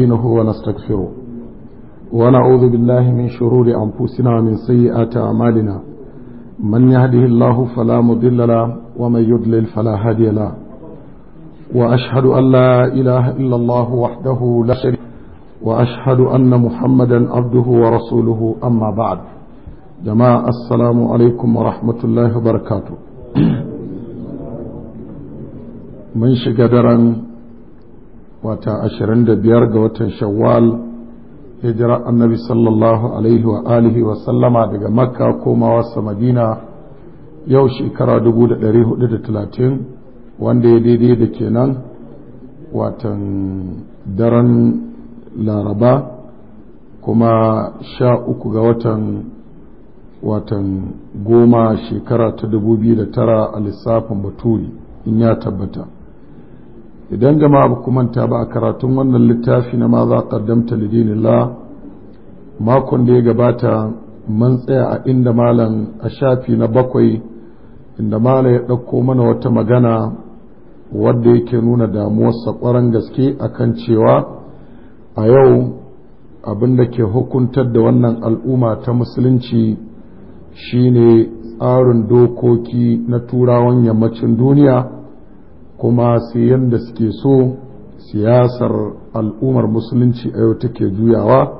نستعينه ونستغفره ونعوذ بالله من شرور أنفسنا ومن سيئات أعمالنا من يهده الله فلا مضل له ومن يضلل فلا هادي له وأشهد أن لا إله إلا الله وحده لا شريك وأشهد أن محمدا عبده ورسوله أما بعد جماعة السلام عليكم ورحمة الله وبركاته من شجدران wata ashirin da biyar ga watan shawwal hijira annabi sallallahu alaihi wa alihi wa sallama daga makka komawa madina yau shekara dubu da dari hudu da talatin wanda ya daidai da kenan watan daren laraba kuma sha uku ga watan watan goma shekara ta dubu biyu da tara a lissafin baturi in ya tabbata idan jama'a ba ku manta ba a karatun wannan littafi na ma za qaddamta Lijinila, makon da ya gabata mun tsaya a inda malam a shafi na bakwai inda malam ya ɗauko mana wata magana wadda yake nuna damuwarsa ƙwarar gaske akan cewa a yau abin da ke hukuntar da wannan al'umma ta musulunci shine tsarin dokoki na turawan yammacin duniya kuma su yadda suke so siyasar al'ummar musulunci a yau take juyawa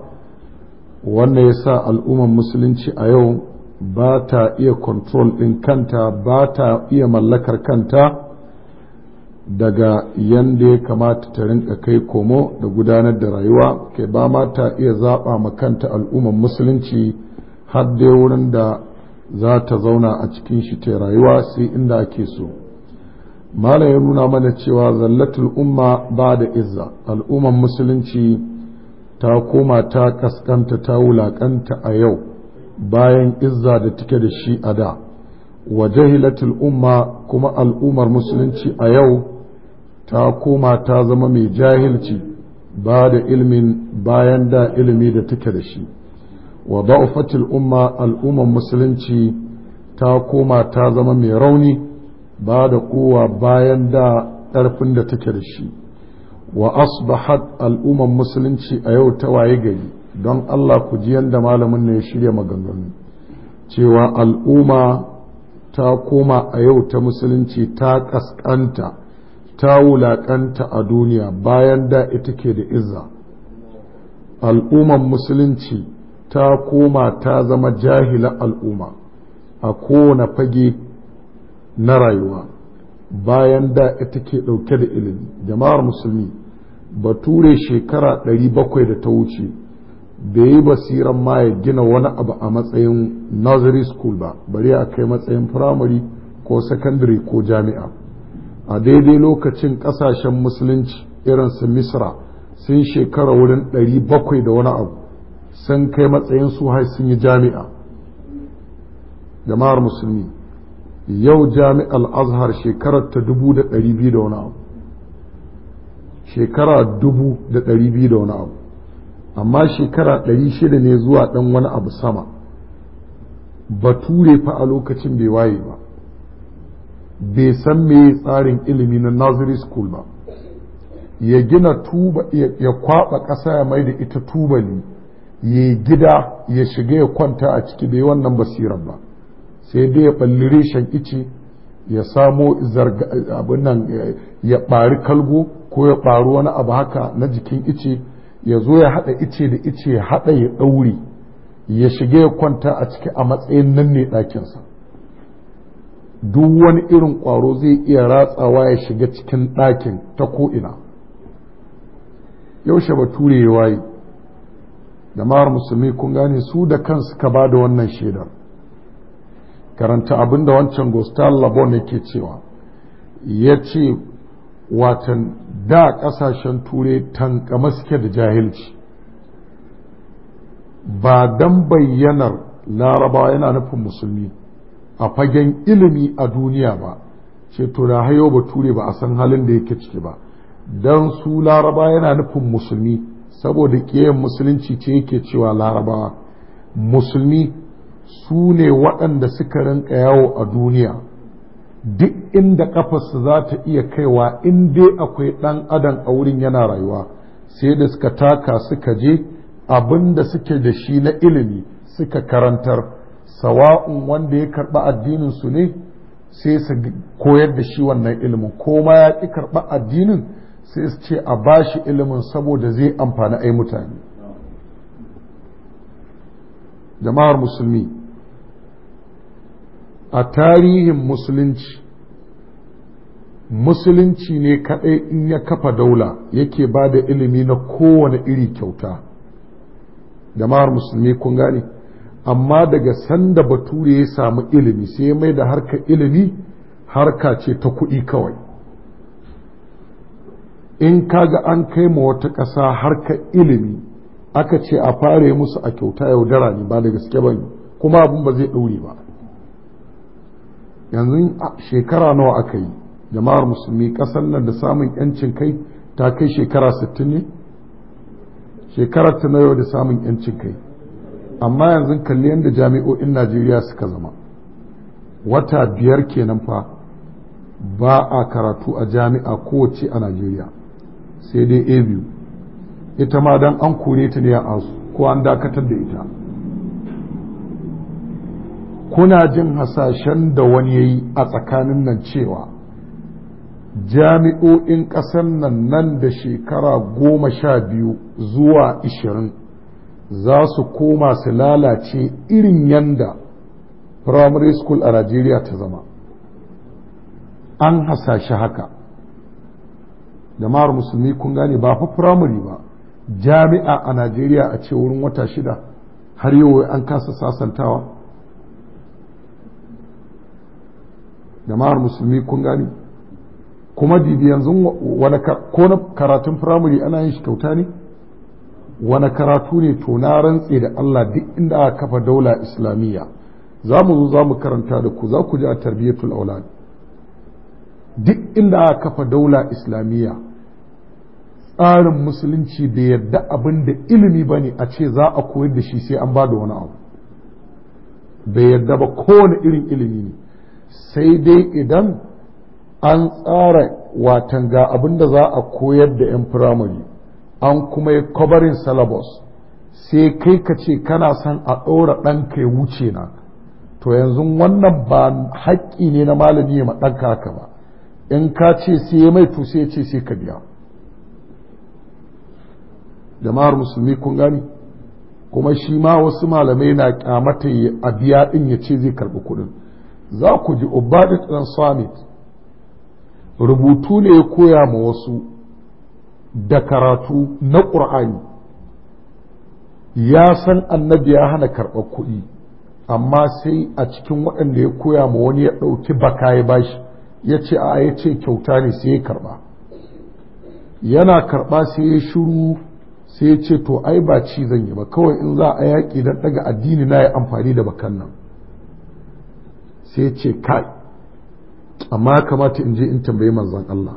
wannan ya sa al'ummar musulunci a yau ba ta iya control ɗin kanta ba ta iya mallakar kanta daga yadda ya kamata ta rinka kai komo da gudanar da rayuwa kai ba ma ta iya zaɓa ma kanta al'ummar musulunci har dai wurin da za ta zauna a cikin shi ta rayuwa sai inda ake so mala ya nuna mana cewa zallatul umma ba da izza al'umman musulunci ta koma ta kaskanta ta wulakanta a yau bayan izza da take da shi a da wa jahilatul umma kuma al'ummar musulunci a yau ta koma ta zama mai jahilci ba da ilmin bayan da ilimi da take da shi wa ba'ufatul umma al'ummar musulunci ta koma ta zama mai rauni ba da kowa bayan da ƙarfin da take da shi wa asbahat al'umman musulunci a yau ta waye gari don Allah ku ji yadda malamin ne ya shirya maganganu cewa al'umma ta koma a yau ta musulunci ta ƙasƙanta ta wulaƙanta a duniya bayan da ita ke da izza al'umman musulunci ta koma ta zama jahila al'umma a kowane fage na rayuwa bayan da ita ke ɗauke da ilimi jama'ar musulmi ba ture shekara 700 da ta wuce da yi basiran ma ya gina wani abu a matsayin nursery school ba bari a kai matsayin primary ko secondary ko jami'a a daidai lokacin kasashen musulunci irinsu Misira sun shekara wurin 700 da wani abu sun kai matsayin su har sun yi jami'a jama'ar musulmi yau jami'al azhar shekarar ta dubu da ɗari biyu da wani abu shekara dubu da ɗari biyu da wani abu amma shekara ɗari shida ne zuwa ɗan wani abu sama bature fa a lokacin bai waye ba bai san me tsarin ilimi na nursery school ba ya gina tuba ya kwaba ƙasa ya mai da ita tubali ya gida ya shiga ya kwanta a ciki bai wannan basirar ba sai dai ya falli reshen ice ya samo abin nan ya ɓari kalgo ko ya ɓari wani abu haka na jikin ice ya zo ya haɗa ice da ice ya haɗa ya ɗaure ya shiga ya kwanta a ciki a matsayin nan ne ɗakinsa duk wani irin ƙwaro zai iya ratsawa ya shiga cikin ɗakin ta ko'ina yaushe bature ya waye jama'ar musulmi kun gane su da kansu ka ba da wannan shaidar karanta abinda wancan gostar labon yake cewa ya ce watan da kasashen turai tankama suke da jahilci ba don bayyanar larabawa yana nufin musulmi a fagen ilimi a duniya ba ce to da hayo ba ture ba a san halin da yake ciki ba don su laraba yana nufin musulmi saboda kiyayen musulunci ce yake cewa larabawa musulmi su ne waɗanda suka rinka yawo a duniya duk inda ƙafarsu za ta iya kaiwa in dai akwai ɗan adam a wurin yana rayuwa sai da suka taka suka je abinda suke da shi na ilimi suka karantar sawa'un wanda ya karɓa addininsu ne sai su koyar da shi wannan ilimin ko ma ya ƙi karɓa addinin sai su ce a ba shi ilimin saboda zai amfani ai mutane jama'ar musulmi a tarihin musulunci musulunci ne kaɗai in ya kafa daula yake ba da ilimi na kowane iri kyauta jama'ar musulmi kun gane amma daga sanda bature ya samu ilimi sai ya mai da harka ilimi harka ce ta kuɗi kawai in kaga an kai ma wata ƙasa harka ilimi aka ce a fara musu a kyauta yaudara ne ba da gaske ba kuma abin ba zai ɗaure ba yanzu shekara nawa aka yi jama'ar musulmi ƙasar nan da samun yancin kai ta kai shekara 60 ne shekara ta na yau da samun yancin kai amma yanzu kalli yadda jami'o'in najeriya suka zama wata biyar kenan fa ba a karatu a jami'a kowace a najeriya sai dai a biyu ita ma don an kore ta ne a asu ko an dakatar da ita kuna jin hasashen da wani yayi a tsakanin nan cewa jami'o'in ƙasar nan nan da shekara goma sha biyu zuwa ishirin za su koma su lalace irin yanda primary school a Najeriya ta zama an hasashe haka jama'ar musulmi kun gane ba fa firamare ba jami'a a Najeriya a ce wurin wata shida har yau an kasa sasantawa jama'ar musulmi kun gani kuma didi yanzu wani ko na karatun firamare ana yin shi kyauta ne wani karatu ne to na rantse da Allah duk inda aka kafa daula islamiyya za mu zo za mu karanta da ku za ku ji a tarbiyyatul aulad duk inda aka kafa daula islamiyya tsarin musulunci bai yarda abin da ilimi ba ne a ce za a koyar da shi sai an ba da wani abu bai yarda ba kowane irin ilimi ne sai dai idan an tsara watan ga abin da za a koyar da 'yan firamare an kuma yi kwabarin syllabus sai kai ka ce kana son a ɗora ɗan ya wuce na to yanzu wannan ba haƙƙi ne na malami ya ɗanka haka ba in ka ce sai ya mai to sai ce sai ka biya jama'ar musulmi kun gani kuma shi ma wasu malamai na ƙyamata a biya ɗin ya ce zai karɓi kuɗin za ku ji ubadit ɗan samit rubutu ne ya koya ma wasu da karatu na ƙur'ani ya san annabi ya hana karɓar kuɗi amma sai a cikin waɗanda ya koya ma wani ya ɗauki baka ya bashi ya ce a ya ce kyauta ne sai ya karɓa yana karɓa sai ya shiru sai ya ce to ai ba ci zan yi ba kawai in za a yaƙi don ɗaga addini na ya amfani da bakan nan sai ce kai amma kamata in je in tambayi manzan Allah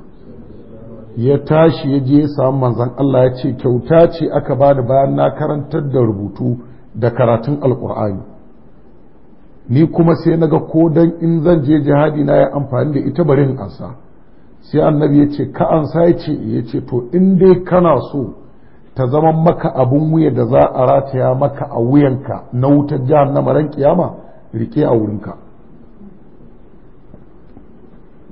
ya tashi ya je ya samu manzan Allah ya ce kyauta ce aka bani bayan na karantar da rubutu da karatun alkur'ani ni kuma sai na ga ko dan in zan je jihadi na ya amfani da ita barin in ansa sai annabi ya ce ka ansa ya ce ya ce to in dai kana so ta zama maka abun wuya da za a rataya maka a wuyanka na wutar jihar na maran kiyama rike a wurinka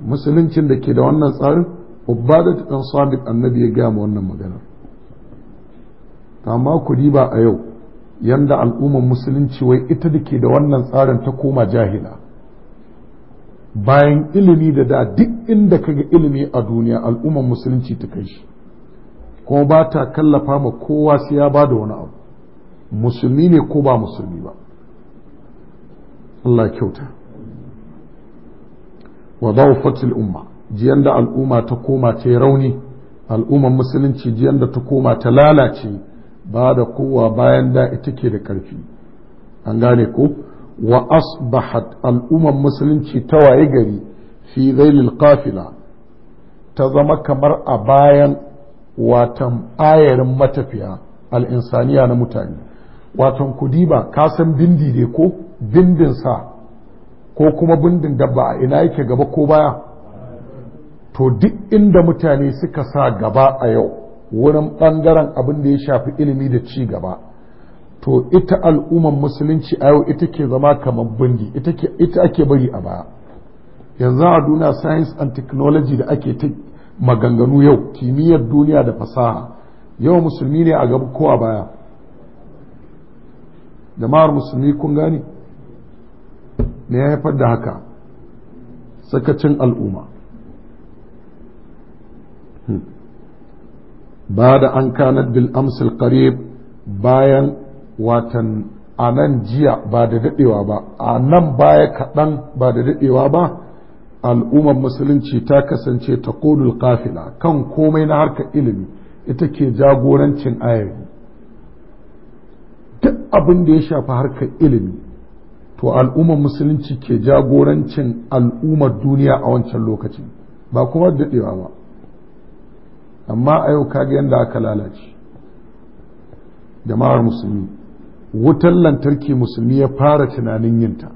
musuluncin da ke da wannan tsarin ubbadat dan sadiq annabi ya gaya ma wannan magana amma ku riba a yau yanda al'ummar musulunci wai ita da ke da wannan tsarin ta koma jahila bayan ilimi da da duk inda kaga ilimi a duniya al'ummar musulunci ta kai shi kuma ba ta kallafa ma kowa sai ya bada wani abu musulmi ne ko ba musulmi ba Allah kyauta wa dhawfatil umma jiyan da al'umma ta koma ta rauni al'ummar musulunci jiyan da ta koma ta lalace ba da kowa bayan da ita ke da ƙarfi an gane ko wa asbahat al'ummar musulunci ta waye gari fi zailil qafila ta zama kamar a bayan watan ayarin matafiya al'insaniya na mutane watan kudiba ka san bindi ne ko bindin sa ko kuma bindin dabba a ina yake gaba ko baya to duk inda mutane suka sa gaba a yau wurin ɓangaren abin da ya shafi ilimi da ci gaba to ita al'umman musulunci a yau ita ke zama kamar bindi ita ake bari a baya yanzu a duniya science and technology da ake ta maganganu yau kimiyyar duniya da fasaha yau musulmi ne a gaba ko a baya jama'ar musulmi kun gane. me ya haifar da haka sakacin al'umma hmm. ba da an kanar bil amsal qarib bayan watan a nan jiya ba da daɗewa ba a nan baya kaɗan ba da daɗewa ba al'ummar musulunci ta kasance ta kodul kafila kan komai na harkar ilimi ita ke jagorancin ayari duk abin da ya shafi harkar ilimi to al'ummar musulunci ke jagorancin al'ummar duniya a wancan lokacin ba kuma daɗewa ba amma a yau kage yadda aka lalace jama'ar musulmi wutar lantarki musulmi ya fara tunanin yinta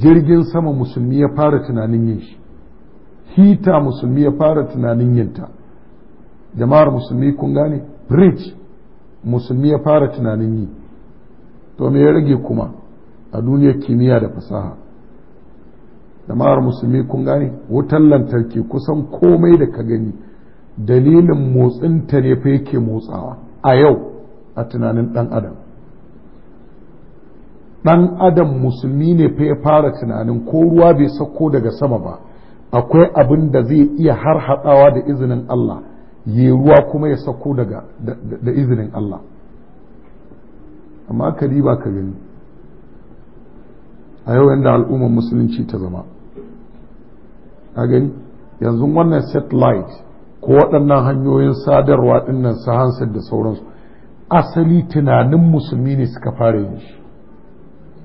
jirgin sama musulmi ya fara tunanin yin shi hita musulmi ya fara tunanin yinta jama'ar musulmi kun gane bridge musulmi ya fara tunanin yi to me ya rage kuma a duniyar kimiyya da fasaha jama'ar musulmi kun gane wutan lantarki kusan komai da ka gani dalilin motsin ta ne fa yake motsawa a yau a tunanin ɗan adam Ɗan adam musulmi ne fa ya fara tunanin ko ruwa bai sako daga sama ba akwai abin da zai iya har hadawa da izinin Allah ya ruwa kuma ya sako daga da izinin Allah amma ka ba ka gani a yau yadda al'ummar musulunci ta zama a gani yanzu wannan satellite ko waɗannan hanyoyin sadarwa ɗinnan su hansar da sauransu asali tunanin musulmi ne suka fara yin shi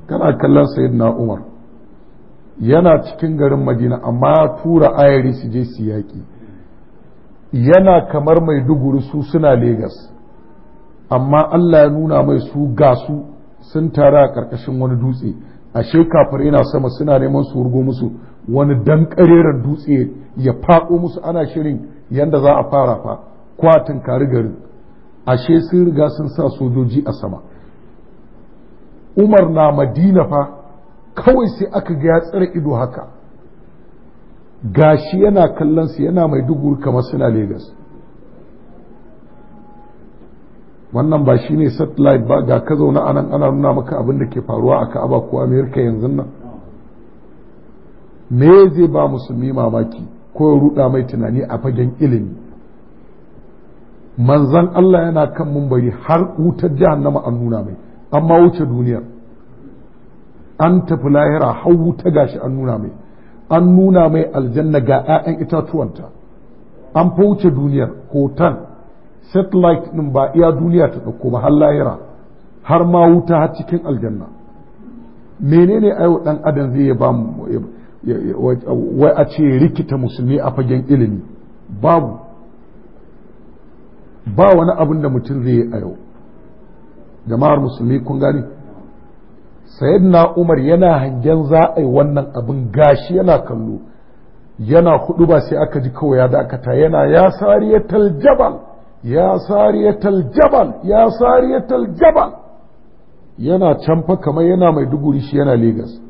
kana kallon sayid na umar yana cikin garin madina amma ya tura ayari su je su yaƙi yana kamar mai duguri su suna Legas. amma allah ya nuna mai su gasu sun taru a ƙarƙashin wani dutse ashe kafir na sama suna neman su wurgo musu wani dan kareren dutse ya faɗo musu ana shirin yanda za a fara fa kwatin kari garin ashe sun riga sun sa sojoji a sama umar na madina fa kawai sai aka ga ya tsare ido haka gashi yana kallon su yana mai duguri kamar suna Legas. wannan ba shi ne satellite ba ga ka a anan ana nuna maka abin da ke faruwa a Ka'aba ko Amerika yanzu nan me zai ba musulmi mamaki ko ruɗa mai tunani a fagen ilimi manzan Allah yana kan mumbari har wutar jahannama an nuna mai amma wuce duniyar an tafi lahira har wuta gashi an nuna mai an nuna mai aljanna ga 'ya'yan itatuwanta an fa wuce duniyar hoton satellite ɗin ba iya duniya ta ɗauko ba har lahira har ma wuta har cikin aljanna menene ayo ɗan'adam adam zai ba mu wai a ce rikita musulmi a fagen ilimi babu ba wani abin da mutum zai yi a yau jama'ar musulmi kun gani sayyidina umar yana hangen za a yi wannan abin gashi yana kallo yana hudu ba sai aka ji kawai ya dakata yana ya ya taljabal ya sariyatal jabal ya sariyatal jabal yana canfa kamar yana mai duguri shi yana Legas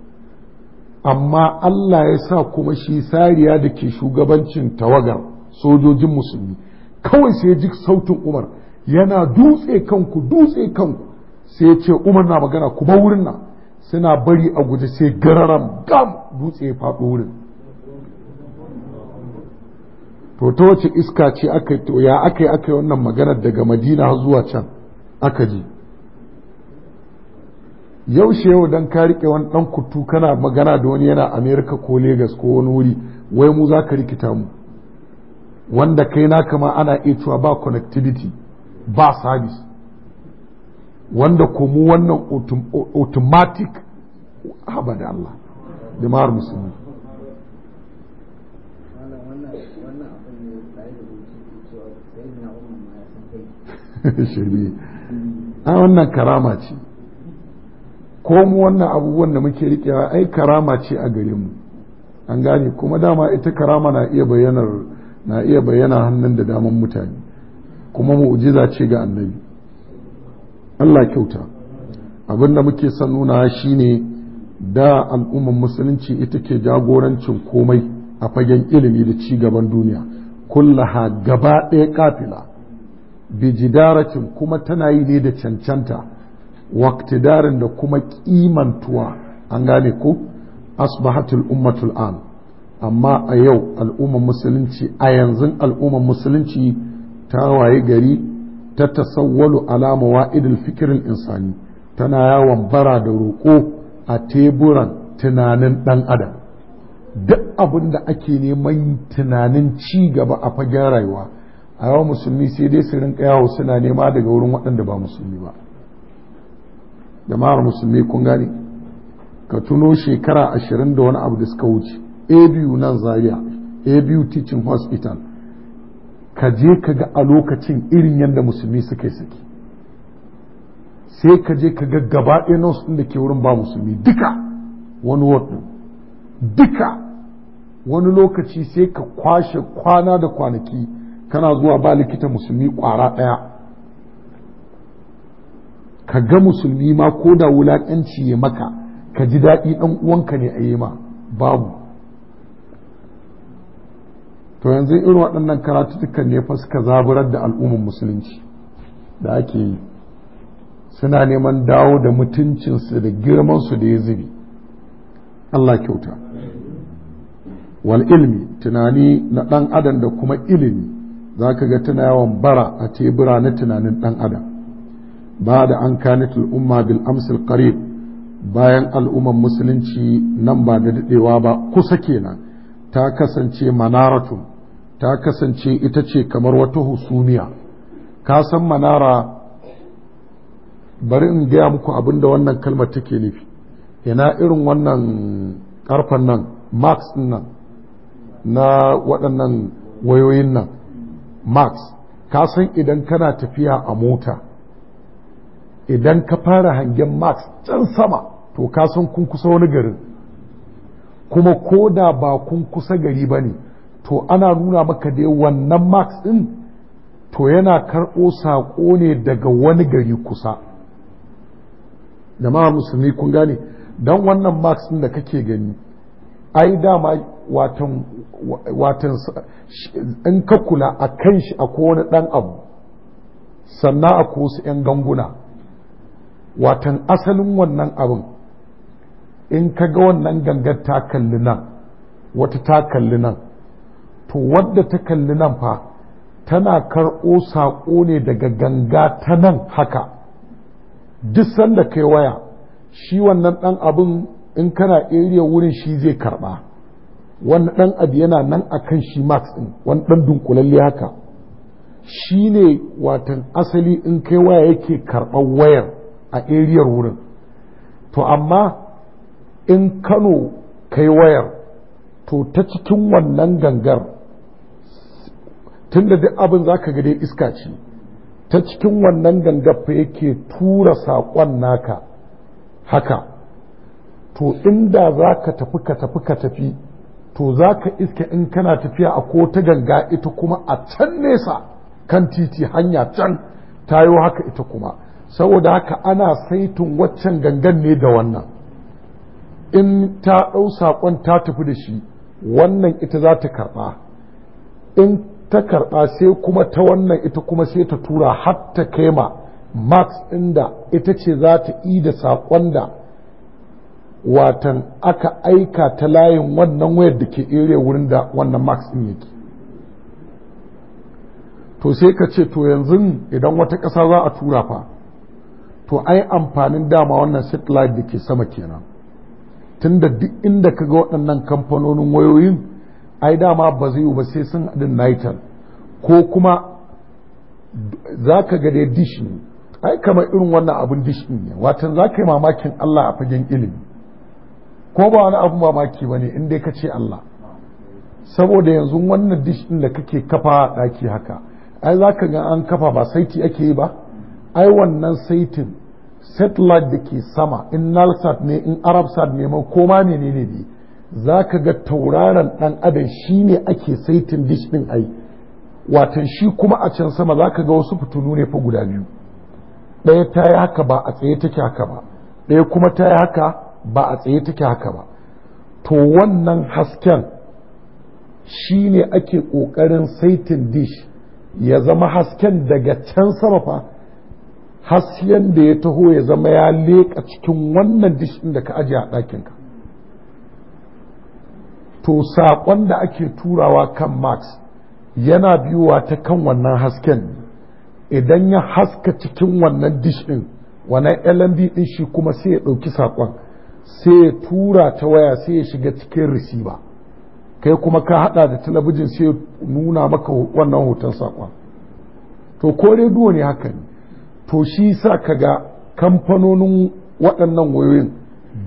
amma Allah ya sa kuma shi sariya da ke shugabancin tawagar sojojin musulmi kawai sai ji sautin Umar yana dutse kanku dutse kanku sai ce Umar na magana kuma wurin nan suna bari a guje sai gararan gam dutse ya faɗo wurin to ta wace iska ce aka ya aka yi aka yi wannan maganar daga madina zuwa can aka ji yaushe yau dan ka wani ɗan kutu kana magana da wani yana Amerika ko Legas ko wani wuri wai mu za ka rikita mu wanda kai na kama ana iya cewa ba connectivity ba service wanda mu wannan automatic haba da Allah musulmi shirme a wannan karama ce ko mu wannan abubuwan da muke rikewa ai karama ce a gare mu an gane kuma dama ita karama na iya bayyanar na iya bayyana hannun da daman mutane kuma mu mu'jiza ce ga annabi Allah kyauta abin da muke son nuna shine da al'ummar musulunci ita ke jagorancin komai a fagen ilimi da ci gaban duniya kullaha gaba ɗaya kafila bijidaracin kuma tana yi ne da cancanta waktidarin da kuma kimantuwa an gane ku. asbahatul ummatul an amma a yau al'umman musulunci a yanzu al'umman musulunci ta waye gari ta tasawwalu alama idil fikirin insani tana yawon bara da roƙo a teburan tunanin ɗan adam duk abin da ake neman tunanin ci gaba a fagen rayuwa a yawan musulmi sai dai su rinka yawo suna nema daga wurin waɗanda ba musulmi ba jama'ar musulmi kun gani. ka tuno shekara ashirin da wani abu da suka wuce abu nan zaria abu teaching hospital ka je ka ga a lokacin irin yadda musulmi suka saki sai ka je ka ga gaba ɗaya nan da ke wurin ba musulmi duka wani wadda duka wani lokaci sai ka kwashe kwana da kwanaki kana zuwa ba likita musulmi kwara ɗaya ka ga musulmi ma ko da wulaƙanci ya maka ka ji daɗi ɗan uwanka ne a yi ma babu to yanzu irin waɗannan karatuttukan ne fa suka zaburar da al'umman musulunci da ake yi suna neman dawo da mutuncinsu da girmansu da ya zubi Allah kyauta wal ilmi tunani na ɗan adam da kuma ilimi za ka ga tana yawan bara a tebura na tunanin ɗan adam ba da an kanitul umma bil amsil qarib bayan al'umman musulunci nan ba da daɗewa ba kusa kenan ta kasance manaratun ta kasance ita ce kamar wata husumiya ka san manara bari in gaya muku abin da wannan kalmar take nufi ina irin wannan karfan nan max nan na waɗannan wayoyin nan max ka san idan kana tafiya a mota idan ka fara hangen max can sama to ka san kun kusa wani garin kuma ko da ba kun kusa gari bane ne to ana nuna maka dai wannan max din to yana karɓo saƙo ne daga wani gari kusa jama'a musulmi kun gane don wannan max ɗin da kake gani ai dama watan watan in ka kula a kan shi a kowane ɗan abu sannan a su 'yan ganguna watan asalin wannan abin in ka ga wannan gangar ta kalli nan wata ta kalli nan to wadda ta kalli nan fa tana karɓo saƙo ne daga ganga ta nan haka duk sanda kai waya shi wannan ɗan abin in kana area wurin shi zai karba wani dan abu yana nan akan shi max din wani dan dunkulalle haka shi ne watan asali in kai waya yake karɓar wayar a area wurin to amma in kano kai wayar to ta cikin wannan gangar tunda duk abin za ka dai iska ce ta cikin wannan gangar fa yake tura saƙon naka haka to inda za ka tafi ka tafi ka tafi to za ka iske in kana tafiya a ko ta ganga ita kuma a can nesa kan titi hanya can Ta yi haka ita kuma saboda haka ana saitin waccan gangan ne da wannan in ta ɗau saƙon ta tafi da shi wannan ita za ta karɓa in ta karɓa sai kuma ta wannan ita kuma sai ta tura har kai ma. max inda ita ce za ta yi da saƙon da watan aka aika ta layin wannan wayar da ke area wurin da wannan max din yake to sai ka ce to yanzu idan wata ƙasa za a tura fa to ai amfanin dama wannan satellite da ke sama kenan tunda duk inda ka ga waɗannan kamfanonin wayoyin ai dama ba zai ba sai sun haɗin nitel ko kuma za ka ga dai dish ne ai kamar irin wannan abin dish ne watan za ka yi mamakin allah a fagen ilimi ko ba wani abu mamaki ba ne in dai ka ce Allah saboda yanzu wannan dish ɗin da kake kafa ɗaki haka ai za ka ga an kafa ba saiti ake yi ba ai wannan saitin satellite da ke sama in nalsat ne in arabsat ne ma koma ne ne za ka ga tauraron ɗan adam shi ne ake saitin dish ɗin ai watan shi kuma a can sama za ka ga wasu fitunu ne fa guda biyu ɗaya ta yi haka ba a tsaye take haka ba ɗaya kuma ta yi haka ba a tsaye take haka ba to wannan hasken shi ne ake ƙoƙarin saitin dish ya zama hasken daga can sama hasken da ya taho ya zama ya leƙa cikin wannan dish ɗin da ka ajiye a ɗakinka to saƙon da ake turawa kan max yana biyowa ta kan wannan hasken idan ya haska cikin wannan dish ɗin wannan lmb ɗin shi kuma sai ya ɗauki saƙon sai ya tura ta waya sai ya shiga cikin risiba kai kuma ka hada da talabijin sai nuna maka wannan hoton saƙon to ko rediyo ne haka ne to shi sa ka ga kamfanonin waɗannan wayoyin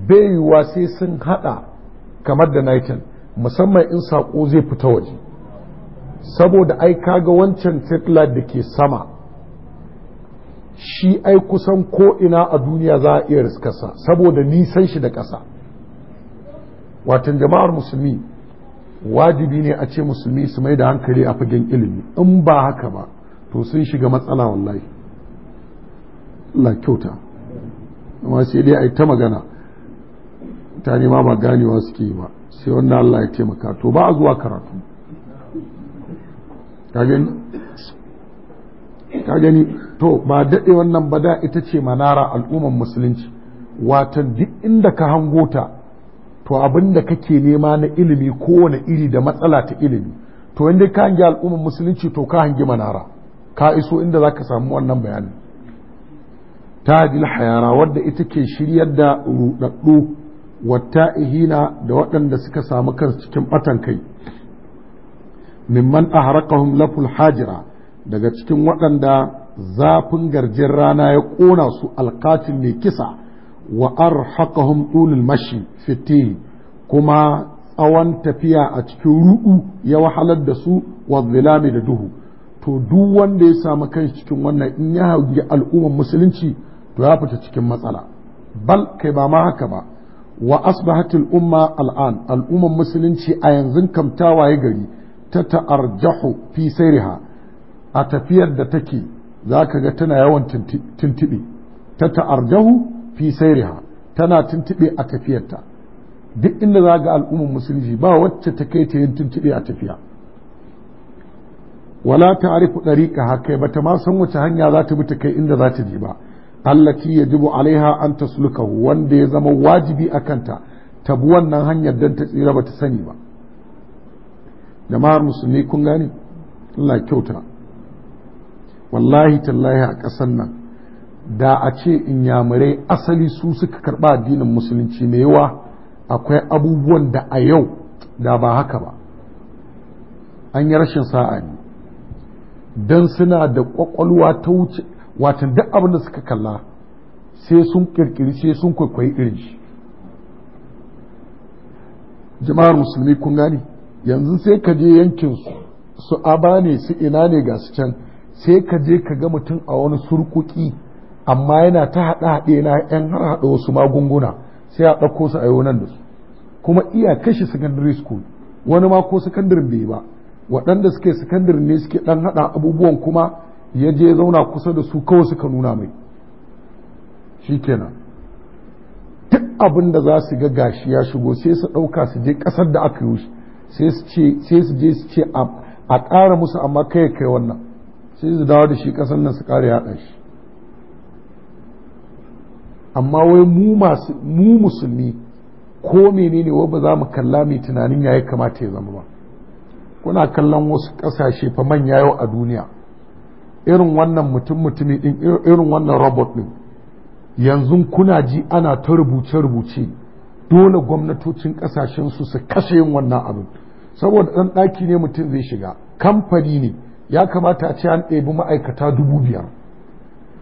baiwa sai sun hada kamar da nitel musamman in saƙo zai fita waje saboda ai ga wancan satellite da ke sama shi ai kusan ko ina a duniya za a iya riskarsa saboda nisan shi da ƙasa watan jama'ar musulmi wajibi ne a ce musulmi su mai da hankali a fagen ilimi in ba haka ba to sun shiga matsala wallahi la kyauta amma sai dai a yi ta magana ta nema ba ganewa suke yi ba sai wanda Allah ya taimaka to ba a zuwa karatu kagin ka gani to ba daɗe wannan ba da ita ce manara al'umman musulunci watan duk inda ka hango ta to abinda kake nema na ilimi kowane iri da matsala ta ilimi to inda ka hangi al'umman musulunci to ka hangi manara ka iso inda za ka samu wannan bayanin ta hayara wadda ita ke shiryar da ruɗaɗɗu wata ihina da waɗanda suka samu kansu cikin ɓatan kai mimman a harakahun laful hajira daga cikin waɗanda zafin garjin rana ya ƙona su alkatin mai kisa wa arhaqahum tulul mashi fiti kuma tsawon tafiya a cikin ruɗu ya wahalar da su wa zilami da duhu to duk wanda ya samu kan cikin wannan in ya haugi al'umman musulunci to ya fita cikin matsala bal kai ba ma haka ba wa asbahatil umma al'an al'umman musulunci a yanzu kam tawaye gari ta ta'arjahu fi sairiha a tafiyar da take za ka ga tana yawan tuntuɓe ta ta'arjahu fi sairiha tana tuntuɓe a tafiyarta duk inda za ga al'umman musulmi ba wacce ta kai ta yin tuntuɓe a tafiya wala ta arifu ɗariƙa haka ba ta ma san wace hanya za ta bi ta kai inda za ta je ba allati yajibu alaiha an taslukahu wanda ya zama wajibi a kanta ta bi wannan hanyar don ta tsira ba ta sani ba jama'ar musulmi kun gane Allah kyauta wallahi tallahi a ƙasar nan da a ce inyamurai asali su suka karɓa addinin musulunci mai yawa akwai abubuwan da a yau da ba haka ba an yi rashin sa'a ne don suna da ƙwaƙwalwa ta wuce watan duk abin da suka kalla sai sun ƙirƙiri sai sun kwaikwayi irin shi jama'ar musulmi kun gani, yanzu sai ka je yankin su abane su ina ne ga su can sai ka je ka ga mutum a wani surkuki amma yana ta haɗa haɗe na yan har haɗa wasu magunguna sai a ɗauko su a yi nan da su kuma iya kashe secondary school wani ma ko secondary bai ba waɗanda suke secondary ne suke ɗan haɗa abubuwan kuma ya je zauna kusa da su kawai suka nuna mai shi kenan duk abin da za su ga gashi ya shigo sai su ɗauka su je ƙasar da aka yi sai su je su ce a ƙara musu amma kai kai wannan sai su dawo da shi kasan nan su kare yaɗa shi amma wai mu mu musulmi ko menene wa ba za mu kalla mai tunanin yayi kamata ya zama ba kuna kallon wasu ƙasashe fa manya yau a duniya irin wannan mutum mutumi din irin wannan robot din yanzu kuna ji ana ta rubuce-rubuce dole gwamnatocin ƙasashen su su kashe yin wannan abin saboda ɗan ɗaki ne mutum zai shiga kamfani ne ya kamata a ce an ɗebi ma'aikata dubu biyar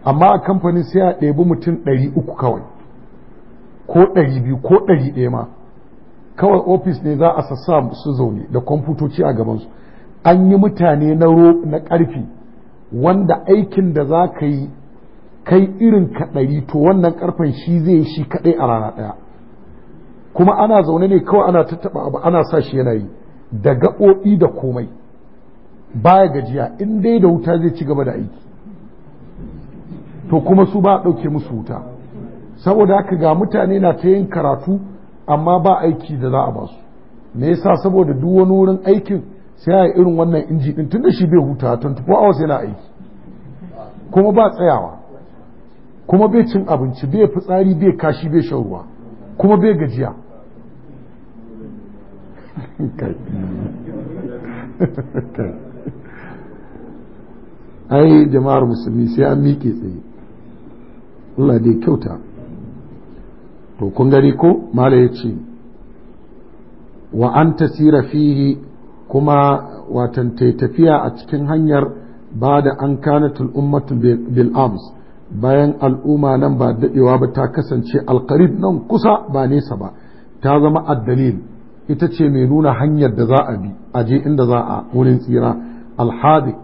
amma a kamfanin sai a ɗebi mutum ɗari uku kawai ko ɗari biyu ko ɗari ɗaya ma kawai ofis ne za a sassa su zaune da kwamfutoci a gabansu an yi mutane na ro na ƙarfi wanda aikin da za ka yi kai irin kaɗari to wannan ƙarfen shi zai yi shi kaɗai a rana ɗaya kuma ana zaune ne kawai ana tattaɓa abu ana sa shi yana yi da gaɓoɓi da komai baya gajiya in dai da wuta zai ci gaba da aiki to kuma su ba ɗauke musu wuta saboda haka ga mutane na ta yin karatu amma ba aiki da za a ba su me yasa saboda duk wani wurin aikin sai yi irin wannan inji din tunda shi bai huta 24 hours yana aiki kuma ba tsayawa kuma bai cin abinci bai fitsari bai kashi bai shan ruwa kuma bai gajiya ai jama'ar musulmi sai an mike tsaye Allah dai kyauta to kun gani ko mala ya ce wa an tasira fihi kuma watan ta tafiya a cikin hanyar ba da an kanatul ummatu bil ams bayan al'umma nan ba daɗewa ba ta kasance alkarib nan kusa ba nesa ba ta zama addalil ita ce mai nuna hanyar da za a bi aje inda za a wurin tsira alhadi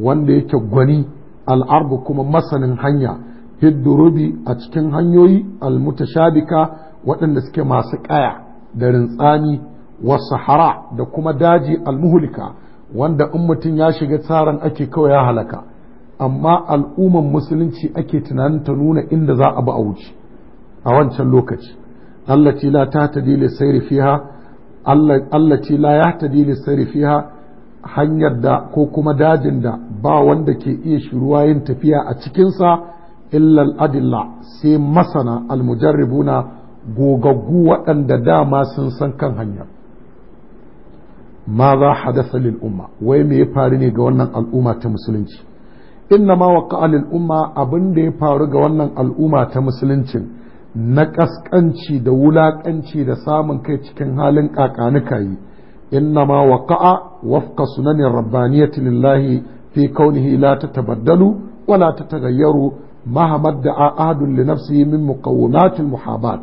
wanda yake gwani al'arbu kuma masanin hanya hiddurubi a cikin hanyoyi almutashabika waɗanda suke masu ƙaya da rintsani wasu hara da kuma daji almuhulika wanda in mutum ya shiga tsarin ake kawai ya halaka amma al'umman musulunci ake tunanin ta nuna inda za a bi a wuce a wancan lokaci allati la tahtadi li sayri fiha allati la sayri fiha hanyar da ko kuma dajin da ba wanda ke iya shiruwa yin tafiya a cikinsa illal adilla sai masana almujarribuna gogaggu waɗanda dama sun san kan hanyar ma za hadasa lil umma wai me ya faru ne ga wannan al'umma ta musulunci inna ma waqa'a lil umma abin da ya faru ga wannan al'umma ta musulunci na kaskanci da wulaƙanci da samun kai cikin halin kakanuka yi إنما وقع وفق سنن الربانية لله في كونه لا تتبدل ولا تتغير مهما ادعى أحد لنفسه من مقومات المحابات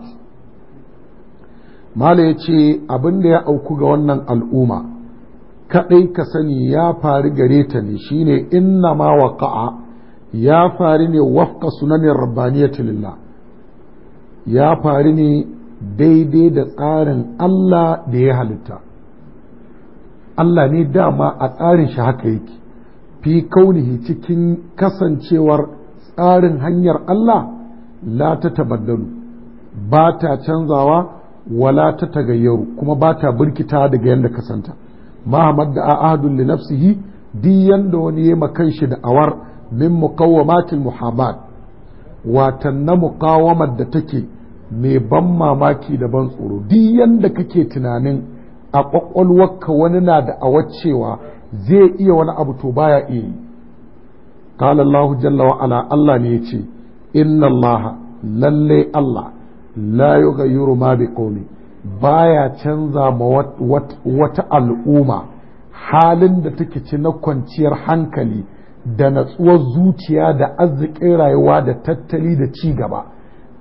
mala ya ce abin da ya auku ga wannan al'umma kaɗai ka sani ya fari gare ta ne shine inna ma waqa'a ya faru ne wafka sunanin rabbaniyatul lillah ya fari ne daidai da tsarin Allah da ya halitta Allah ne dama a tsarin shi haka yake fi kaunihi cikin kasancewar tsarin hanyar Allah la ta tabaddalu ba ta canzawa wala ta tagayyaru kuma ba ta birkita daga yadda kasanta Muhammad da ahadun li nafsihi duk yanda wani ya kan da awar min muqawwamatil muhammad watan na muqawamar da take mai ban mamaki da ban tsoro duk yanda kake tunanin a ƙwaƙwalwarka wani na da cewa zai iya wani abu to baya iya yi قال الله allah وعلا الله نيتي inna Allah, lalle Allah la yughayyiru ma bi qawmi baya canza ma wata al'umma halin da take ci na kwanciyar hankali da natsuwar zuciya da arzikin rayuwa da tattali da ci gaba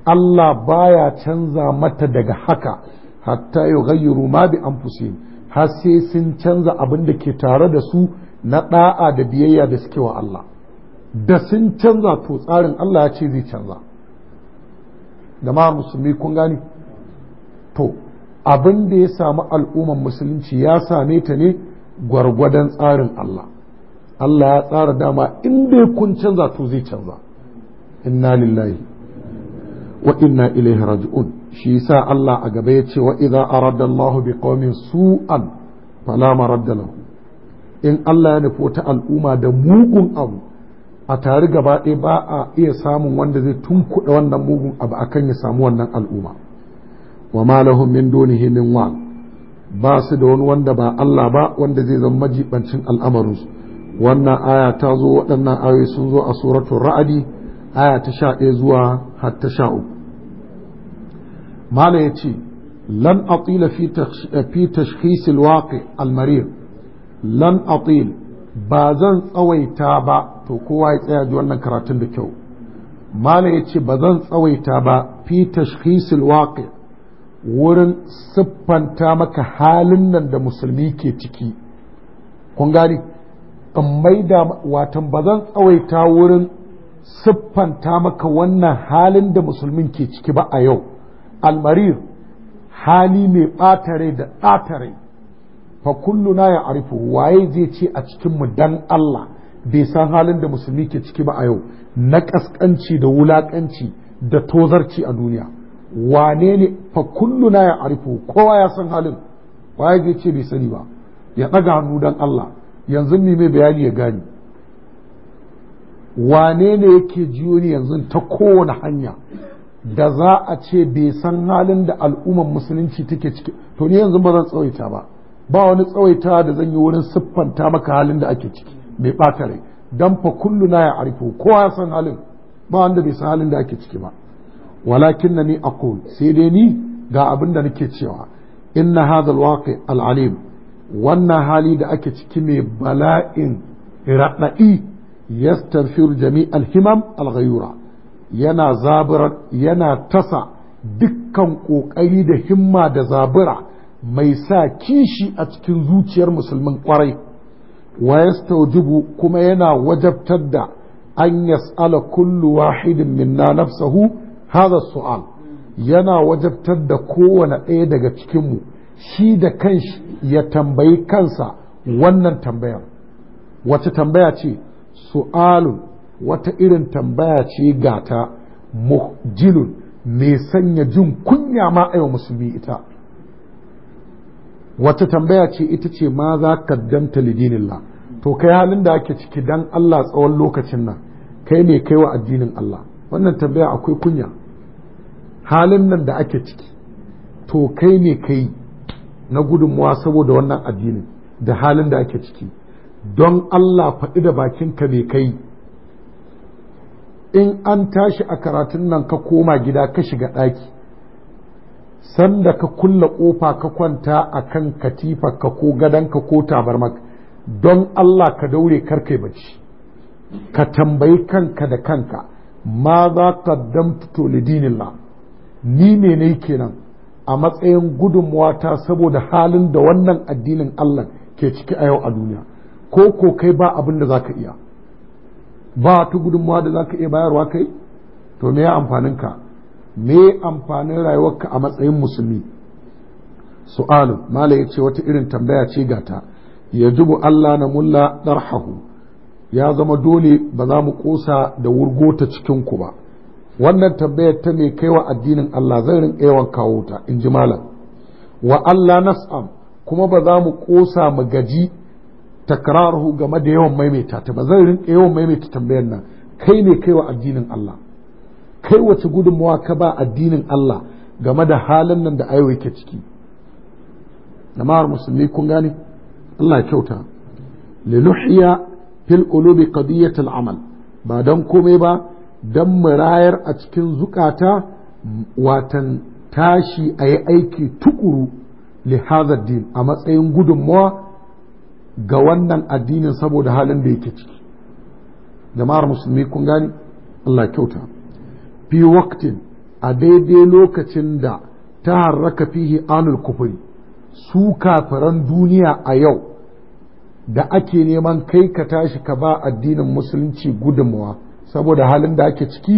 Allah baya canza mata daga haka hatta yughayyiru ma bi an har sai sun canza abin da ke tare da su na ɗa'a da biyayya da suke wa Allah da sun canza to tsarin Allah ya ce zai canza ma musulmi kun gani to abin da ya samu al'umman musulunci ya same ta ne gwargwadon tsarin Allah Allah ya tsara dama in dai kun canza to zai canza inna lillahi wa inna ilaihi raji'un shi sa Allah a gaba ya ce wa idza arada Allah bi an su'an ma maradda lahu in Allah ya nufi wata al'umma da mugun abu a tare gaba ɗaya ba a iya samun wanda zai tunkuɗa wannan mugun abu akan ya samu wannan al'umma wa ma lahum min doni min wa. ba su da wani wanda ba Allah ba wanda zai zama majibancin al'amarinsu wannan aya ta zo waɗannan ayoyi sun zo a suratul ra'adi aya ta sha ɗaya zuwa har ta sha uku mala ya ce lan atila fi tashkhis alwaqi almarir lan atil ba zan tsawaita ba to kowa ya tsaya ji wannan karatun da kyau mala ya ce ba zan tsawaita ba fi tashkhis alwaqi wurin siffanta maka halin nan da musulmi ke ciki kun gani in maida watan ba zan tsawaita wurin siffanta maka wannan halin da musulmin ke ciki ba a yau almarir hali mai ɓatare da ɗatare fa kulluna ya arifu waye zai ce a cikinmu dan Allah bai san halin da musulmi ke ciki ba a yau na ƙasƙanci da wulaƙanci da tozarci a duniya wane ne fa kulluna ya arifu kowa ya san halin waye zai ce bai sani ba ya ɗaga hannu dan Allah yanzu ni mai bayani ya gani wane ne yake jiyo ni yanzu ta kowane hanya da za a ce bai san halin da al'ummar musulunci take ciki to ni yanzu ba zan tsawaita ba ba wani tsawaita da zan yi wurin siffanta maka halin da ake ciki bai ɓata rai dan fa kullu na ya arifu kowa ya san halin ba wanda bai san halin da ake ciki ba walakin na ni aqul sai dai ni ga abin da nake cewa inna hadha alwaqi alalim wannan hali da ake ciki mai bala'in raɗaɗi yastanfiru jami'al himam alghayura yana zabura yana tasa dukkan ƙoƙari da himma da zabura mai sa kishi a cikin zuciyar musulmin kwarai wa kuma yana wajabtar da an yas'ala kullu wahidin minna nafsahu haza su'al yana wajabtar da kowane ɗaya daga cikinmu shi da kanshi ya tambayi kansa wannan tambayar wace tambaya ce su'alun wata irin tambaya ce ga ta muhjilun mai sanya jin kunya ma a musulmi ita wata tambaya ce ita ce ma za ka danta lidinillah to kai halin da ake ciki dan Allah tsawon lokacin nan kai ne kai wa addinin Allah wannan tambaya akwai kunya halin nan da ake ciki to kai ne kai na gudunmuwa saboda wannan addinin da halin da ake ciki don Allah faɗi da bakinka ne kai in an tashi a karatun nan ka koma gida ka shiga ɗaki sanda ka kulla ƙofa ka kwanta a kan katifarka ko gadonka ko tabarmaka don Allah ka daure karkai bacci ka tambayi kanka da kanka ma za ka damtuto lidinillah ni ne kenan a matsayin gudunmuwata saboda halin da wannan addinin Allah ke ciki a yau a duniya ko ko kai ba abin da za ka iya ba ta gudunmawa da za ka iya bayarwa kai to me ya amfanin ka me amfanin rayuwarka a matsayin musulmi su'alu mala ya ce wata irin tambaya ce gata ya jubu allah na mulla ɗarhahu ya zama dole ba za mu ƙosa da wurgota cikinku ba wannan tambayar ta mai kai wa addinin allah zai rin yawan kawo ta in ji malam wa allah nas'am kuma ba za mu ƙosa mu gaji takraruhu game da yawan maimaita ta ba zan rinka yawan maimaita tambayar nan kai ne kaiwa addinin Allah kai wace gudunmawa ka ba addinin Allah game da halin nan da ayo yake ciki jama'ar musulmi kun gane Allah ya kyauta liluhiya fil qulubi qadiyatul amal ba dan komai ba dan murayar a cikin zukata watan tashi ayi aiki tukuru li din a matsayin gudunmawa ga wannan addinin saboda halin da yake ciki jama'ar musulmi kun gani Allah kyauta fi waktin a daidai lokacin da ta harraka fihi anul kufuri su kafiran duniya a yau da ake neman kai ka tashi ka ba addinin musulunci gudunmawa saboda halin da ake ciki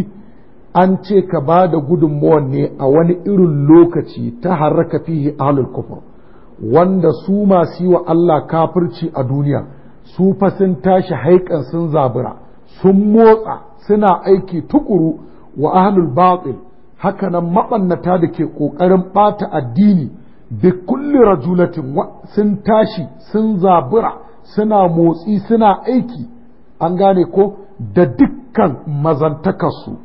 an ce ka ba da gudunmuwan ne a wani irin lokaci ta harraka fihi anul kufri wanda su masu yi wa Allah kafirci a duniya su fa sun tashi haikan sun zabura sun motsa suna aiki tukuru wa ahlul batil hakanan maɓannata da ke ƙoƙarin ɓata addini bi kulli rajulatin sun tashi sun zabura suna motsi suna aiki an gane ko da dukkan mazantakarsu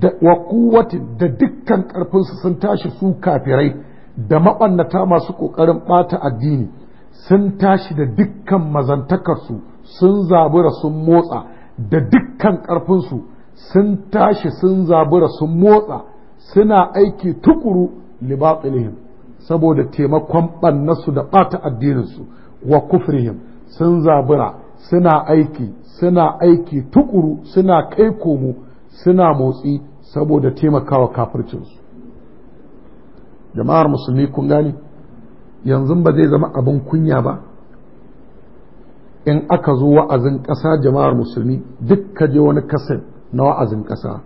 da wa da dukkan ƙarfinsu sun tashi su kafirai da maɓannata masu ƙoƙarin ɓata addini sun tashi da dukkan mazantakarsu sun zabura sun motsa da dukkan ƙarfinsu sun tashi sun zabura sun motsa suna aiki tukuru libatilihim saboda taimakon ɓannarsu da ɓata addininsu wa kufrihim sun zabura suna aiki suna aiki tukuru suna kai komo suna motsi saboda taimakawa kafircinsu jama'ar musulmi kun gane yanzu ba zai zama abin kunya ba in aka zo wa'azin ƙasa jama'ar musulmi duk ka je wani kasa na wa'azin ƙasa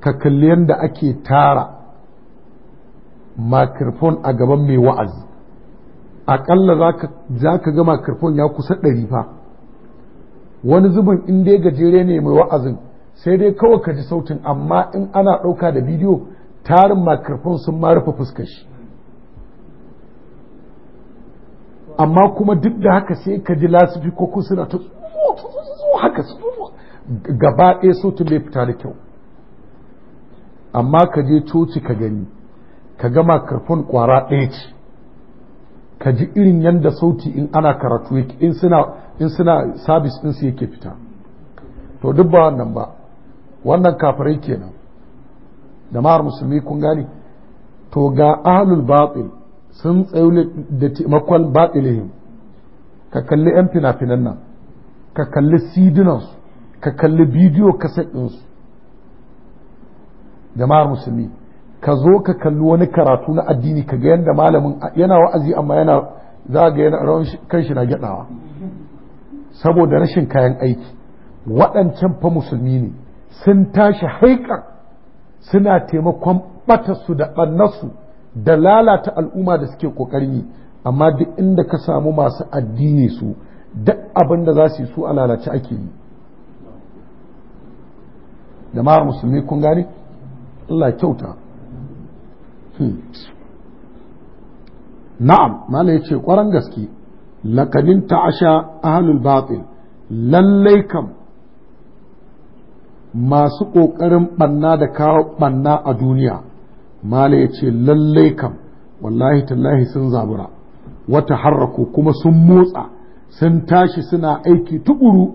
ka kalli yadda ake tara makirfon a gaban mai wa'azi aƙalla za ka ga makirfon ya kusa ɗari fa wani zubin in dai gajere ne mai wa'azin sai dai kawai ka ji sautin amma in ana ɗauka da bidiyo tarin makarfin sun marufa rufe fuskar shi amma kuma duk da haka sai ka ji lasifi ko suna ta haka su gaba ɗaya sautin bai fita da kyau amma ka je coci ka gani ka gama karfin kwara ɗaya ce ka ji irin yadda sauti in ana karatu yake in suna in suna sabis ɗinsu yake fita to duk ba wannan ba wannan kafirai kenan da ma'ar musulmi kun gane to ga ahlul batil sun tsaye da taimakon batilihim ka kalli 'yan fina-finan nan ka kalli sidinansu ka kalli bidiyo kasaɗinsu jama'ar musulmi ka zo ka kalli wani karatu na addini ka ga yadda malamin yana wa'azi amma yana za ga yana rawan kanshi na gyadawa saboda rashin kayan aiki waɗancan fa musulmi ne sun tashi haikar suna taimakon su da ɓannarsu da lalata al'umma da suke ƙoƙarin yi amma duk inda ka samu masu addini su duk abin da za su yi su a lalace ake yi Da mara musulmi kun gane Allah kyauta hmm. na'am mala ya ce ƙwaron gaske lakanin a ahlul batil lallai kam masu ƙoƙarin ɓanna da kawo ɓanna a duniya mala ya ce lallai kam wallahi tallahi sun zabura wata harraku kuma sun motsa sun tashi suna aiki tukuru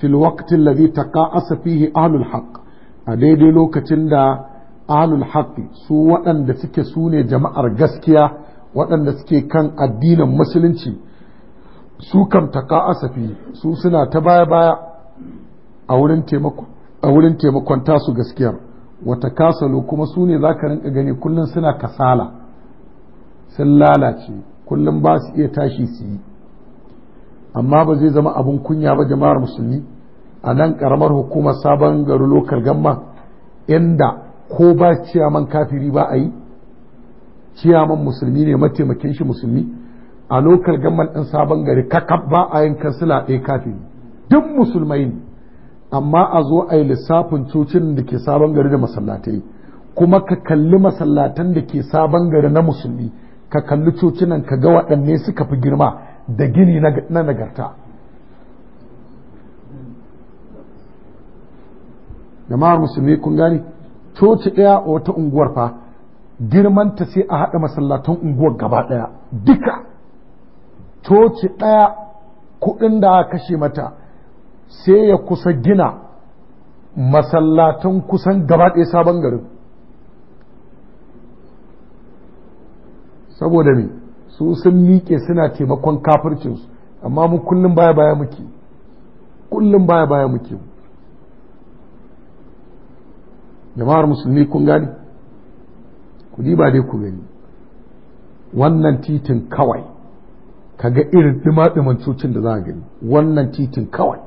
fil waqtin ladhi taqa'asa fihi ahlul haqq a daidai lokacin da ahlul haqq su waɗanda suke su jama'ar gaskiya waɗanda suke kan addinin musulunci su kam taqa'asa fihi su suna ta baya baya a wurin taimako a wurin taimakon tasu gaskiyar wata kasalo kuma su ne za ka rinka gani kullum suna kasala sun lalace kullum ba su iya tashi su yi amma ba zai zama abin kunya ba jama'ar musulmi a nan karamar hukumar sabon garin lokal gamma inda ko ba ciyaman kafiri ba a yi ciyaman musulmi ne mataimakin shi musulmi a lokal gamman ɗin sabon gari kakab ba a yin kansila ɗaya kafiri duk musulmai ne amma a zo a yi lissafin cocin da ke sabon gari da masallatai kuma ka kalli masallatan da ke sabon gari na musulmi ka kalli cocinan ka ga waɗanne suka fi girma da gini na nagarta jama'ar musulmi kun gani coci ɗaya a wata unguwar fa girmanta sai a haɗa masallatan unguwar gaba ɗaya duka coci ɗaya kuɗin da aka kashe mata sai ya kusa gina masallatan kusan gabaɗaya sabon garin saboda ne su sun miƙe suna taimakon kafircinsu amma mu kullum baya baya muke kullum baya baya muke jama'ar musulmi kun gani ku ba dai ku gani wannan titin kawai kaga irin dima-diman cocin da za a gani wannan titin kawai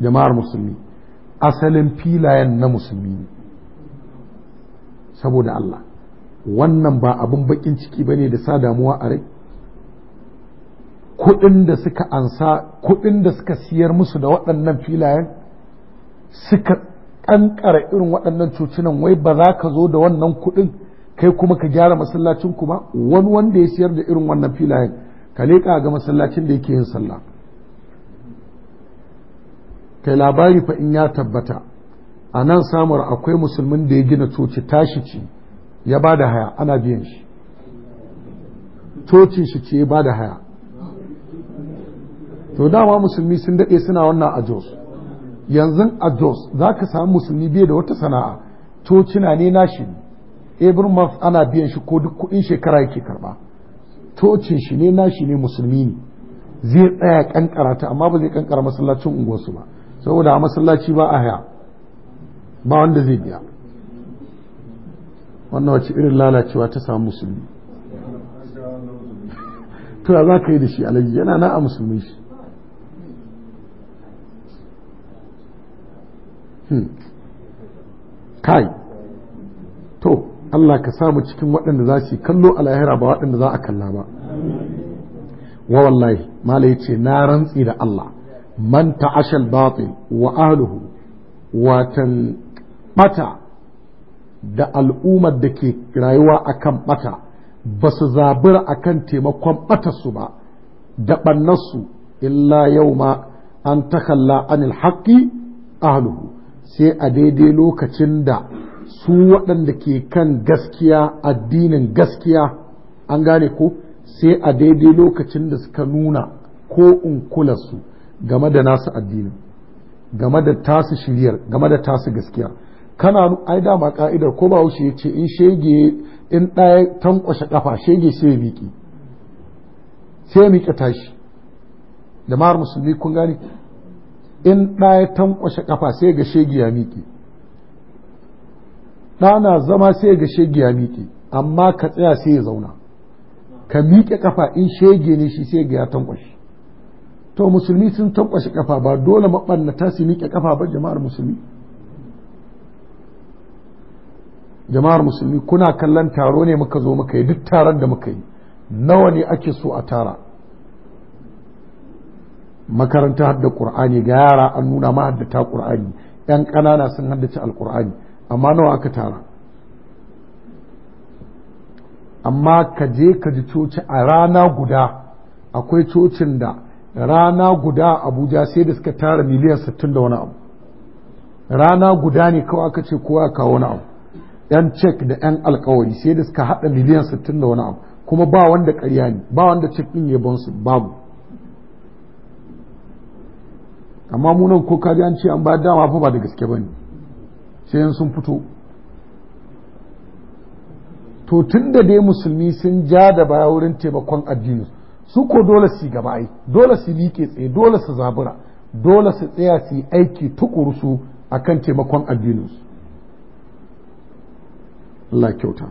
jama'ar musulmi asalin filayen na musulmi ne saboda Allah wannan ba abin bakin ciki ba ne da sa damuwa a rai kudin da suka ansa kudin da suka siyar musu da waɗannan filayen suka ƙanƙara irin waɗannan cocinan wai ba za ka zo da wannan kudin kai kuma ka gyara masallacinku ba wani wanda ya siyar da irin wannan filayen ka leƙa ga masallacin da yake yin sallah kai labari fa in ya tabbata a nan samar akwai musulmin da ya gina coci tashi ci ya ba da haya ana biyan shi cocin shi ce ya ba da haya to dama musulmi sun daɗe suna wannan a jos yanzu a jos za ka samu musulmi biye da wata sana'a coci na ne nashi every ana biyan shi ko duk kuɗin shekara yake karba tocin shi ne nashi ne musulmi ne zai tsaya kankara ta amma ba zai kankara masallacin unguwarsu ba saboda a masallaci ba a haya ba wanda zai biya wannan wace irin lalacewa ta samu musulmi to za ka yi da shi alaji yana na a musulmi shi hmm. kai to Allah ka samu cikin waɗanda za su kallo a lahira ba waɗanda za a kalla ba wa wallahi mala ce na rantsi da Allah man ta'asha al wa ahluhu watan bata da al'ummar da ke rayuwa akan bata ba su zabura akan taimakon su ba da ɓannarsu illa yau ma an takalla anil haƙƙi ahluhu sai a daidai lokacin da su waɗanda ke kan gaskiya addinin gaskiya an gane ko sai a daidai lokacin da suka nuna ko in kula su game da nasu addinin game da tasu shiriyar, game da tasu gaskiya kana ai dama ka'idar ko ba wuce yace in shege in ɗaya tankwashe kafa shege sai ya miƙe sai ya miƙe tashi da mara musulmi kun gane in ɗaya tankwashe kafa sai ga shege ya miƙe ɗana zama sai ga shege ya miƙe amma ka tsaya sai ya zauna ka miƙe kafa in shege ne shi sai ga ya tankwashe to musulmi sun tankwashe kafa ba dole maɓannata su miƙe kafa ba jama'ar musulmi jama'ar musulmi kuna kallon taro ne muka zo muka yi duk taron da muka yi nawa ne ake so a tara makaranta hadda ƙur'ani ga yara an nuna ma haddata ƙur'ani yan ƙanana sun haddace alƙur'ani amma nawa aka tara amma ka je ka ji coci a rana guda akwai cocin da rana guda abuja sai da suka tara miliyan 60 da wani abu rana guda ne kawai aka ce kowa ka wani abu yan cek da yan alkawari sai da suka hada miliyan 60 da wani abu kuma ba wanda karya ne ba wanda cek din ya bansu babu amma munan ko kaji an ce an ba dama fa ba da gaske ba ne sai yan sun fito to tun da dai musulmi sun ja da baya wurin taimakon addinus. su ko dole su gaba ai dole su miƙe tsaye dole su zabura dole su tsaya su yi aiki tukuru su akan taimakon addininsu Allah kyauta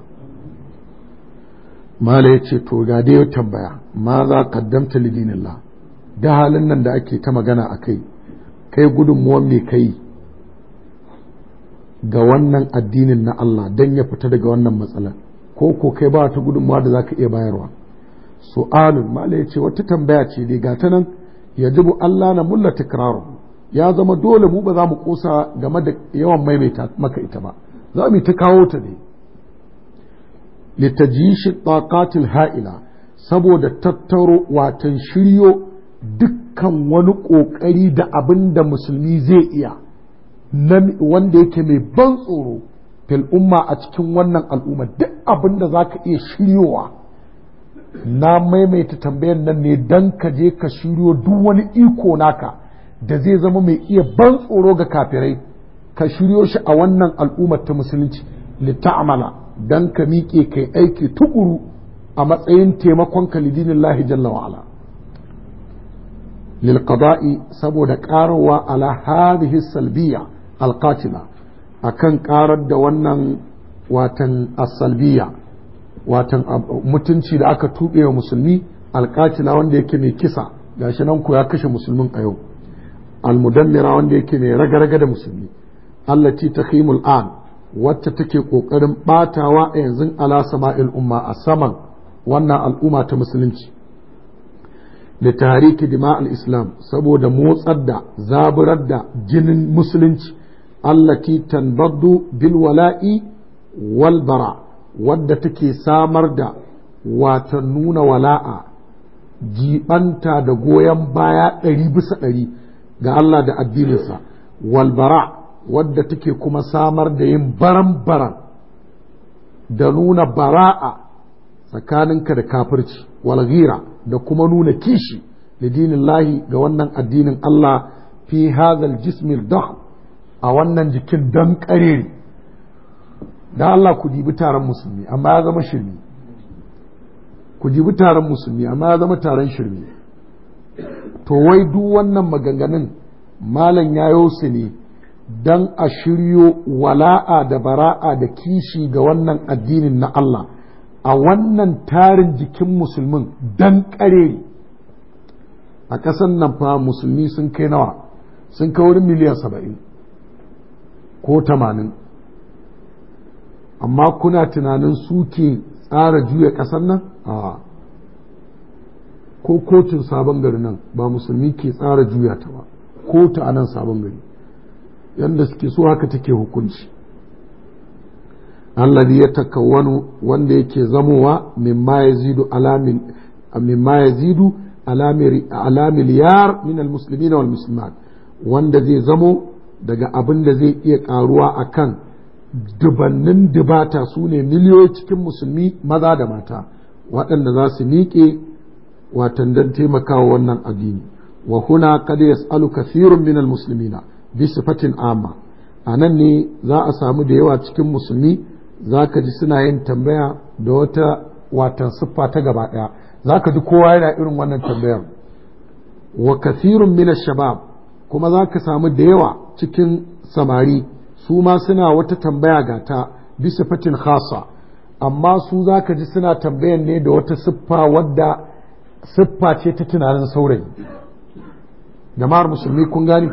mala ya ce to ga dai tambaya ma za kaddamta lidinillah da halin nan da ake ta magana a kai kai gudunmuwan me kai ga wannan addinin na Allah don ya fita daga wannan matsalar ko ko kai ba ta gudunmuwa da za ka iya bayarwa su'alun mala ya ce wata tambaya ce dai ga ta nan jibu Allah na mulla tikraru ya zama dole mu ba za mu kosa game da yawan maimaita maka ita ba za mu ta kawo ta ne litajishi taqatil ha'ila saboda tattaro watan shiryo dukkan wani kokari da abinda musulmi zai iya wanda yake mai ban tsoro fil umma a cikin wannan al'umma duk abinda zaka iya shiryowa na maimaita tambayar nan ne don ka je ka shiryo duk wani iko naka da zai zama mai iya ban tsoro ga kafirai ka shiryo shi a wannan al'ummar ta musulunci lita'amala don ka miƙe kai aiki tukuru a matsayin taimakon ka lahi jalla wa'ala lilqada'i saboda ƙarawa ala hadhihi salbiya alqatila akan ƙarar da wannan watan asalbiya watan ah, mutunci da aka tuɓe wa musulmi alƙatila wanda yake mai kisa gashi nan ku ya kashe musulmin a yau almudammira wanda yake mai raga-raga da musulmi allati takhimul an wacce take ƙoƙarin ɓatawa a yanzu ala sama'il umma a saman wannan al'umma ta musulunci da tariki dima islam saboda motsar da zaburar da jinin musulunci allati tanbaddu bil wala'i wal bara wadda take samar da wata nuna wala'a jibanta da goyon baya ɗari bisa ɗari ga Allah da addininsa walbara wadda take kuma samar da yin baran-baran da nuna bara'a tsakaninka da kafirci walghira da kuma nuna kishi da dinin lahi ga wannan addinin Allah fi hazal jismil dah a wannan jikin don ƙareri da Allah ku dibi taron musulmi amma ya zama shirme ku dibi taron musulmi amma ya zama taron shirme to wai duk wannan maganganun malam ya su ne don a shiryo wala'a da bara'a da kishi ga wannan addinin na Allah a wannan tarin jikin musulmin don kare a ƙasan nan fa musulmi sun kai nawa sun kai wurin miliyan saba'in ko tamanin amma kuna tunanin suke tsara juya ƙasar nan a ko kotun sabon gari nan ba musulmi ke tsara juya ta ba ko ta anan sabon gari yadda suke so haka take hukunci allazi ya taka wani wanda yake zamowa mimma ma ya mimma alamiliyar min wal musulman wanda zai zamo daga abin da zai iya karuwa akan dubannin dubata su ne miliyoyi cikin musulmi maza da mata waɗanda za su miƙe watan don taimakawa wannan addini wa huna kada yas'alu kathirun minal na bi sifatin amma a nan ne za a samu da yawa cikin musulmi za ka ji suna yin tambaya da wata watan siffa ta gaba ɗaya za ka ji kowa yana irin wannan tambayar wa kathirun min shabab kuma za ka samu da yawa cikin samari su ma suna wata tambaya ga ta bisa fatin khasa amma su za ka ji suna tambayan ne da wata siffa wadda siffa ce ta tunanin saurayi jama'ar musulmi kun gani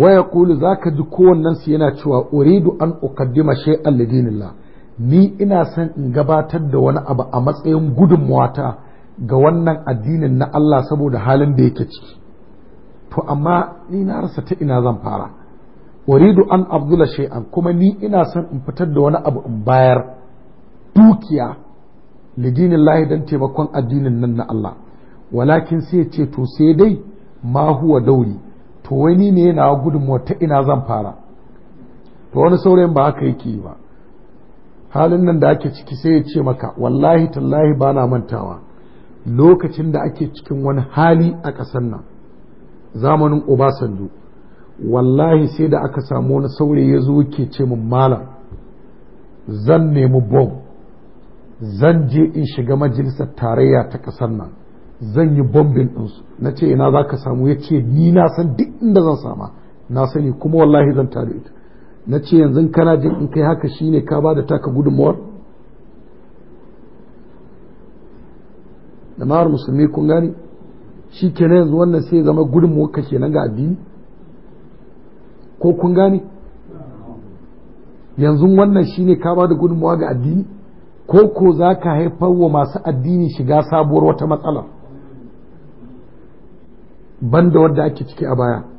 waya kulu za ka ji su yana cewa uridu an ukaddima shay'an lidinillah ni ina son in gabatar da wani abu a matsayin gudunmuwata ga wannan addinin na Allah saboda halin da yake ciki to amma ni na rasa ta ina zan fara uridu an abdula shay'an kuma ni ina son in fitar da wani abu in bayar dukiya lidinin lahi don taimakon addinin nan na Allah walakin sai ce to sai dai ma huwa dauri to wani ne yana gudunmuwa ta ina zan fara to wani saurayin ba haka yake ba halin nan da ake ciki sai ya ce maka wallahi tallahi ba na mantawa lokacin da ake cikin wani hali a ƙasar nan zamanin obasanjo wallahi sai da aka samu wani saurayi ya zo ke ce mun malam zan nemi bom zan je in shiga majalisar tarayya ta ƙasar nan zan yi bombin ɗinsu na ce ina za ka samu ya ce ni na san duk inda zan sama na sani kuma wallahi zan tare ita na ce yanzu kana jin in kai haka shi ne ka ba da taka gudunmawar jama'ar musulmi kun gani shi kenan yanzu wannan sai zama gudunmawar ka kenan ga addini ko kun gane yanzu wannan shine ka ba da gudunmawa ga addini ko ko za ka haifar wa masu addini shiga sabuwar wata matsala banda wadda ake ciki a baya